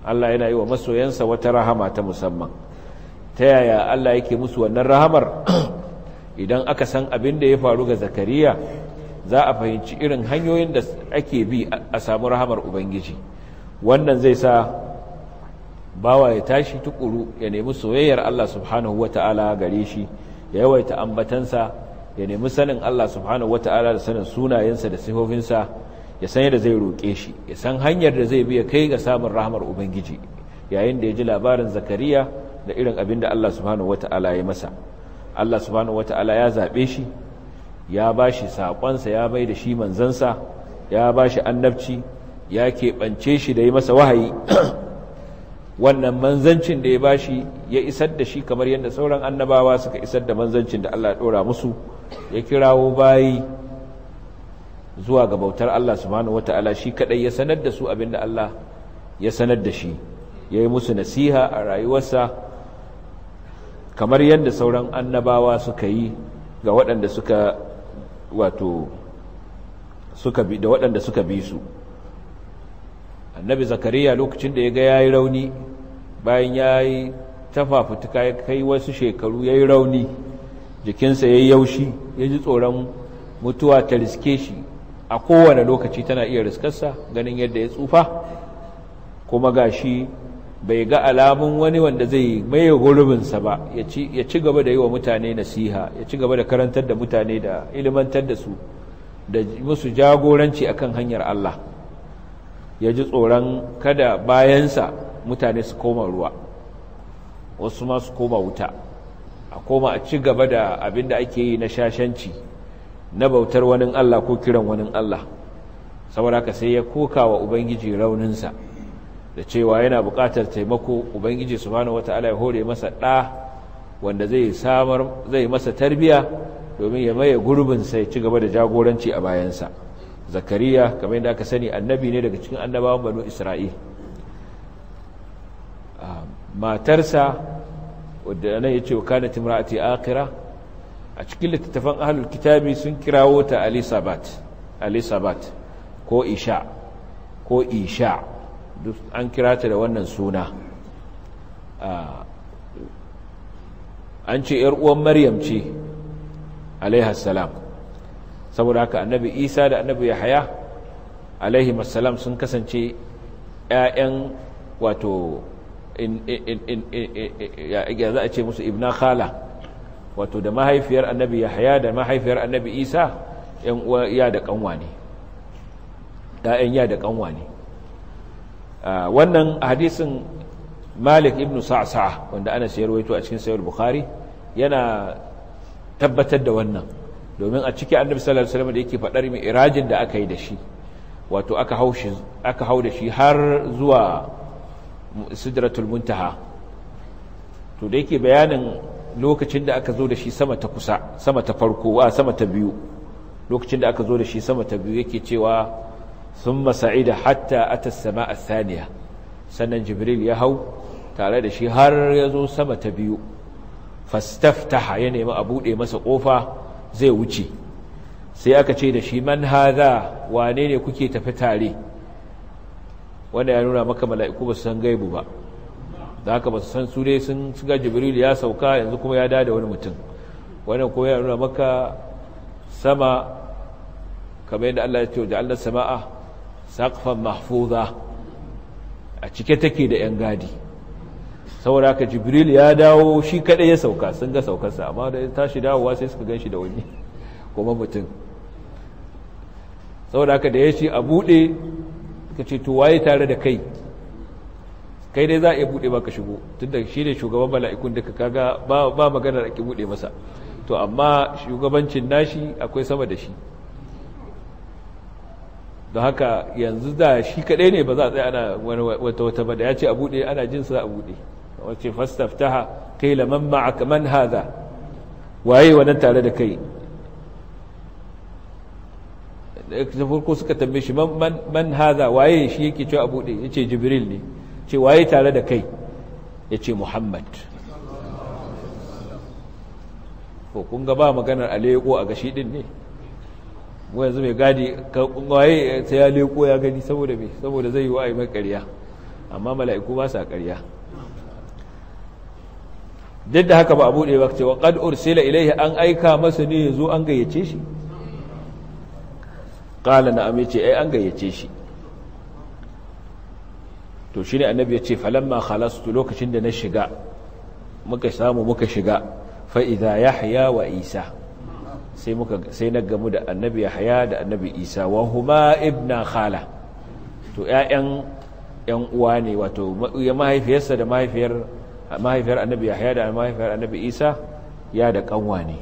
Allah yana yi wa masoyansa wata rahama ta musamman ta yaya Allah yake musu wannan rahamar idan aka san abin da ya faru ga zakariya za a fahimci irin hanyoyin da ake bi a samu rahamar ubangiji wannan zai sa bawa ya tashi tukuru ya nemi soyayyar Allah subhanahu wata'ala gare shi ya yawaita ambatansa ya nemi sanin Allah subhanahu wata'ala da sanin sunayensa da sifofinsa ya san yadda zai roƙe shi ya san hanyar da zai biya kai ga samun rahamar ubangiji yayin da ya ji labarin zakariya da irin abin da Allah subhanahu wata'ala ya masa Allah subhanahu wata'ala ya zaɓe shi ya ba shi saƙonsa ya bai da shi manzansa ya ba shi annabci ya keɓance shi da yi masa wahayi wannan manzancin da ya ba shi ya isar da shi kamar yadda sauran annabawa suka isar da manzancin da Allah ya ɗora musu ya kirawo bayi zuwa ga bautar Allah subhanahu wata'ala shi kaɗai ya sanar da su abin da Allah ya sanar da shi ya yi musu nasiha a rayuwarsa kamar yadda sauran annabawa suka yi ga waɗanda suka wato suka bi da waɗanda suka bi su annabi zakariya lokacin da ya ga ya yi rauni bayan yayi tafafutuka ya kai wasu shekaru ya yi rauni jikinsa ya yi yaushi ya ji tsoron mutuwa ta riske shi a kowane lokaci tana iya riskarsa ganin yadda ya tsufa kuma ga shi. bai ga alamun wani wanda zai maye gurbinsa ba ya ci gaba da yi wa mutane nasiha ya ci gaba da karantar da mutane da ilimantar da su da musu jagoranci akan hanyar Allah ya ji tsoron kada bayansa mutane su koma ruwa wasu ma su koma wuta a koma a ci gaba da abin da ake yi na shashanci na bautar wani Allah ko kiran wani Allah saboda ka sai ya koka wa Ubangiji rauninsa da cewa yana buƙatar taimako ubangiji subhanahu wataala ya hore masa ɗa wanda zai samar zai masa tarbiya domin ya maye gurbin sa ya ci gaba da jagoranci a bayansa zakariya kamar yadda aka sani annabi ne daga cikin annabawan banu isra'il ah, matarsa wadda nan ya ce wa kana timra'ati akira a cikin littattafan ahlul kitabi sun kirawo ta alisabat alisabat ko isha ko isha an kira ta da wannan suna an ce uwan maryam ce salam saboda haka annabi isa da annabi yahaya salam sun kasance 'ya'yan wato ya za a ce musu ibna khala wato da mahaifiyar annabi yahaya da mahaifiyar annabi isa 'yan uwa ya da kanwa ne ya da kanwa ne Ah, wannan hadisin malik ibn sa'sa wanda ana sayar waito a cikin sayar bukhari yana tabbatar da wannan domin a ciki annabi sallallahu alaihi wasallam da yake fadar mai irajin da aka yi da shi wato aka hau shi aka hau da shi har zuwa sidratul muntaha to da yake bayanin lokacin da aka zo da shi sama ta kusa sama ta farko sama ta biyu lokacin da aka zo da shi sama ta biyu yake cewa thumma sa'ida hatta a ta sama a saniya sannan jibril ya hau tare da shi har ya zo sama ta biyu fastaftaha ya nemi a buɗe masa ƙofa zai wuce sai aka ce da shi man haza wane ne kuke tafi tare wanda ya nuna maka mala'iku ba su san gaibu ba da haka ba su san su dai sun ga jibril ya sauka yanzu kuma ya dada wani mutum wannan kuma ya nuna maka sama kamar yadda Allah ya ce da Allah sama'a Saƙafan mahfuza a cike take da yan gadi saboda haka jibril ya dawo shi kaɗai ya sauka sun ga saukarsa amma da tashi dawowa sai suka ganshi da wani kuma mutum saboda haka da ya ce a buɗe ka ce to waye tare da kai kai dai za a iya buɗe ba ka shigo tun da shi ne shugaban mala'ikun da ka ga ba maganar ake buɗe masa to amma shugabancin nashi akwai sama da shi don haka yanzu da shi kadai ne ba za a tsaye ana wata wata ba da ya ce a buɗe ana jin a buɗe wace fastaftaha qila man ma'aka man haza waye wannan tare da kai da farko suka tambaye shi man haza waye shi yake cewa a buɗe yace jibril ne ce waye tare da kai yace muhammad ko kun ga ba maganar aleko a gashi din ne yanzu mai gadi waye ta ya leko ya gani saboda me saboda zai yi wa aimar ƙarya amma mala'iku ba sa ƙarya duk da haka ba a buɗe ba cewa sai ursila ilayhi an aika masa ne zo an gayyace shi qala na amince ai an gayyace shi to shi ne annabi ya ce ma falamma khalastu lokacin da na shiga muka samu muka shiga fa’iza ya yahya wa isa sai muka sai na gamu da annabi yahya da annabi isa wa huma ibna khala to ƴaƴan ƴan uwa ne wato mahaifiyarsa da mahaifiyar mahaifiyar annabi yahya da mahaifiyar annabi isa ya da kanwa ne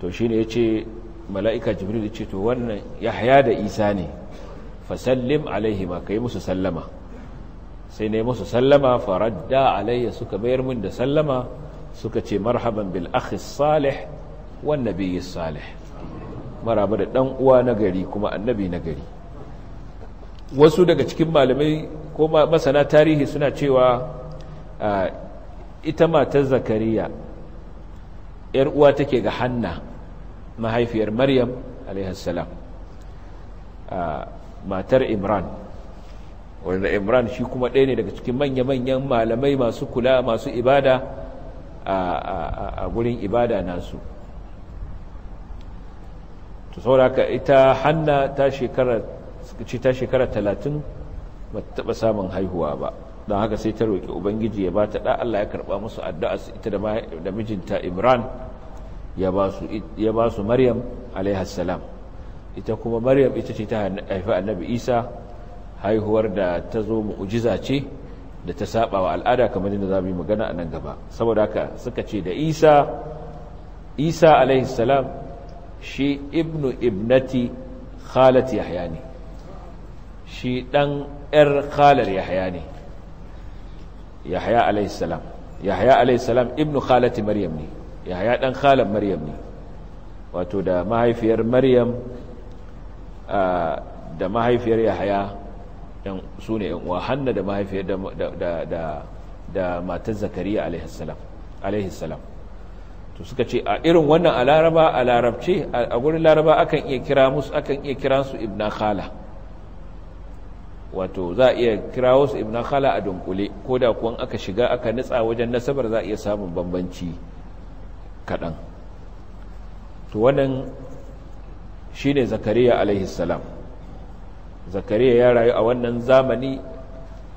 to shine yace mala'ika jibril yace to wannan yahya da isa ne fa fasallim alaihima kai musu sallama sai ne musu sallama faradda alayya suka bayar min da sallama suka ce marhaban bil akhi salih wannabi ya salih maraba da ɗan uwa nagari kuma annabi nagari wasu daga cikin malamai ko masana tarihi suna cewa ita matar zakariya yar uwa take ga hanna mahaifiyar maryam alaihassalam matar imran wanda imran shi kuma ɗaya ne daga cikin manya-manyan malamai masu kula masu ibada a gurin ibada nasu to saboda haka ita hanna ta shekara ce ta shekara talatin ba taɓa samun haihuwa ba don haka sai ta roƙi ubangiji ya ba ta da Allah ya karɓa musu addu'a ita da mijinta imran ya ba su maryam salam. ita kuma maryam ita ce ta haifi annabi isa haihuwar da ta zo mu'ujiza ce da ta saba wa al'ada kamar yadda za mu yi magana a nan gaba saboda haka suka ce da isa isa salam. shi ibnu ibnati khalat yahya ne shi dan yar khalar yahya ne yahya alaihissalam yahya alaihissalam ibnu khalati maryam ne yahya dan khalar maryam ne wato da mahaifiyar maryam da mahaifiyar yahya su ne hanna da mahaifiyar da matar zakariya to suka ce a irin wannan a laraba a larabce a gurin laraba akan iya kira musu akan iya kira su ibna khala wato za iya kira wasu ibna khala a dunkule ko da kuwan aka shiga aka nitsa wajen nasabar za iya samun bambanci kaɗan to wannan shi ne zakariya alaihissalam zakariya ya rayu a wannan zamani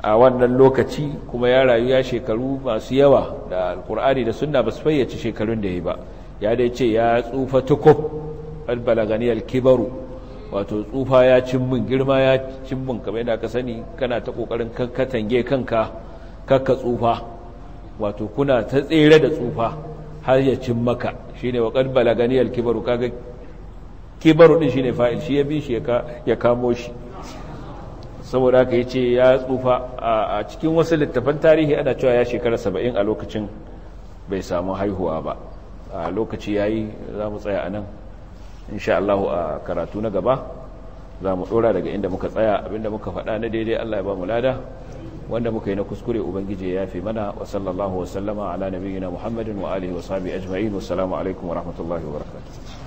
a wannan lokaci kuma ya rayu ya shekaru masu yawa da alkur'ani da sunna ba su fayyace shekarun da ya ba ya dai ce ya tsufa tukuf albalagani kibaru wato tsufa ya cin min girma ya cin min kamar yadda ka sani kana ta kokarin katange kanka kakka tsufa wato kuna ta tsere da tsufa har ya cin maka shine wa qad balaganiyal kibaru kaga kibaru din shine fa'il shi ya bi shi ya kamo shi saboda yi ce ya tsufa a cikin wasu littafan tarihi ana cewa ya shekara saba'in a lokacin bai samu haihuwa ba a lokaci za mu tsaya anan insha Allah a karatu na gaba za mu ɗora daga inda muka tsaya abinda muka faɗa na daidai Allah ya ba mu lada wanda muka yi na kuskure ubangiji ya yafe mana wa sallallahu wa sallama ala nabiyyina Muhammadin wa alihi wa sahbihi ajma'in wa alaikum wa rahmatullahi wa barakatuh